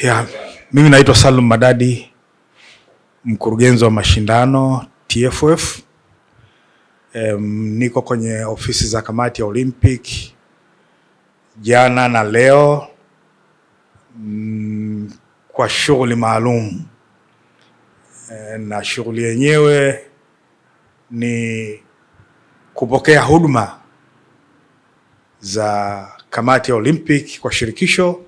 Yeah, mimi naitwa Salum Madadi, mkurugenzi wa mashindano TFF. Um, niko kwenye ofisi za kamati ya Olympic jana na leo mm, kwa shughuli maalum e, na shughuli yenyewe ni kupokea huduma za kamati ya Olympic kwa shirikisho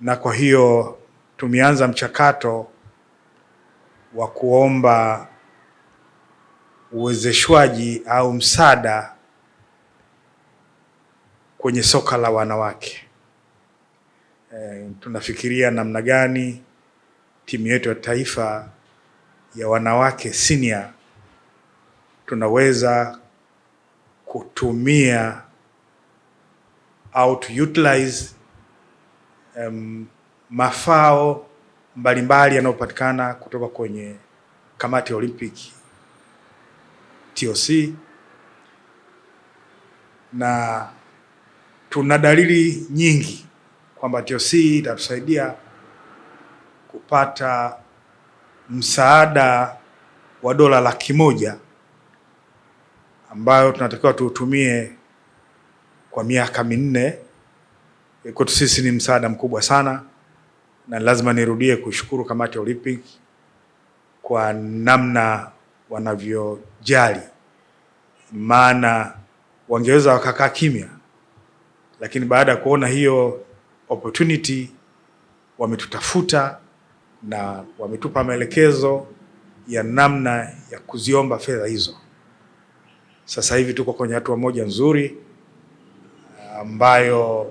na kwa hiyo tumeanza mchakato wa kuomba uwezeshwaji au msaada kwenye soka la wanawake. E, tunafikiria namna gani timu yetu ya taifa ya wanawake senior tunaweza kutumia au to utilize um, mafao mbalimbali yanayopatikana kutoka kwenye kamati ya Olimpiki TOC, na tuna dalili nyingi kwamba TOC itatusaidia kupata msaada wa dola laki moja ambayo tunatakiwa tuutumie kwa miaka minne kwetu sisi ni msaada mkubwa sana, na lazima nirudie kushukuru kamati ya Olympic kwa namna wanavyojali, maana wangeweza wakakaa kimya, lakini baada ya kuona hiyo opportunity wametutafuta na wametupa maelekezo ya namna ya kuziomba fedha hizo. Sasa hivi tuko kwenye hatua moja nzuri ambayo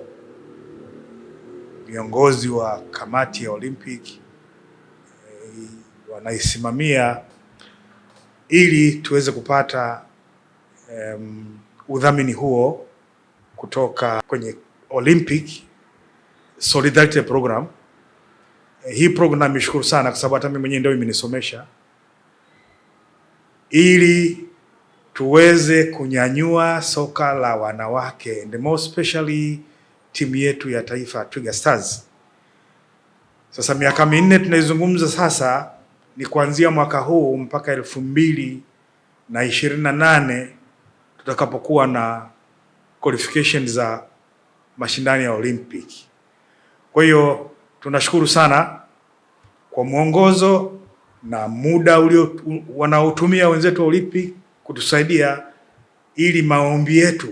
viongozi wa kamati ya Olympic eh, wanaisimamia ili tuweze kupata um, udhamini huo kutoka kwenye Olympic Solidarity Program. Eh, hii program nishukuru sana kwa sababu hata mimi mwenyewe ndio imenisomesha ili tuweze kunyanyua soka la wanawake and more especially timu yetu ya taifa Twiga Stars. Sasa miaka minne tunaizungumza sasa, ni kuanzia mwaka huu mpaka elfu mbili na ishirini na nane tutakapokuwa na qualification za mashindano ya Olympic. Kwa hiyo tunashukuru sana kwa mwongozo na muda ulio wanaotumia wenzetu wa Olympic kutusaidia ili maombi yetu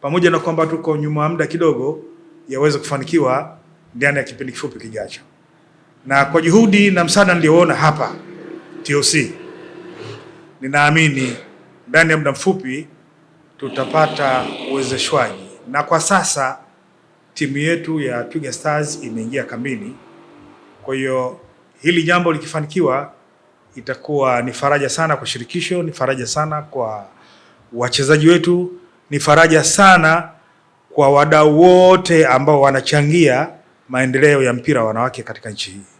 pamoja na kwamba tuko nyuma muda kidogo, yaweze kufanikiwa ndani ya kipindi kifupi kijacho. Na kwa juhudi na msaada nilioona hapa TOC, ninaamini ndani ya muda mfupi tutapata uwezeshwaji, na kwa sasa timu yetu ya Twiga Stars imeingia kambini. Kwa hiyo hili jambo likifanikiwa, itakuwa ni faraja sana kwa shirikisho, ni faraja sana kwa wachezaji wetu ni faraja sana kwa wadau wote ambao wanachangia maendeleo ya mpira wa wanawake katika nchi hii.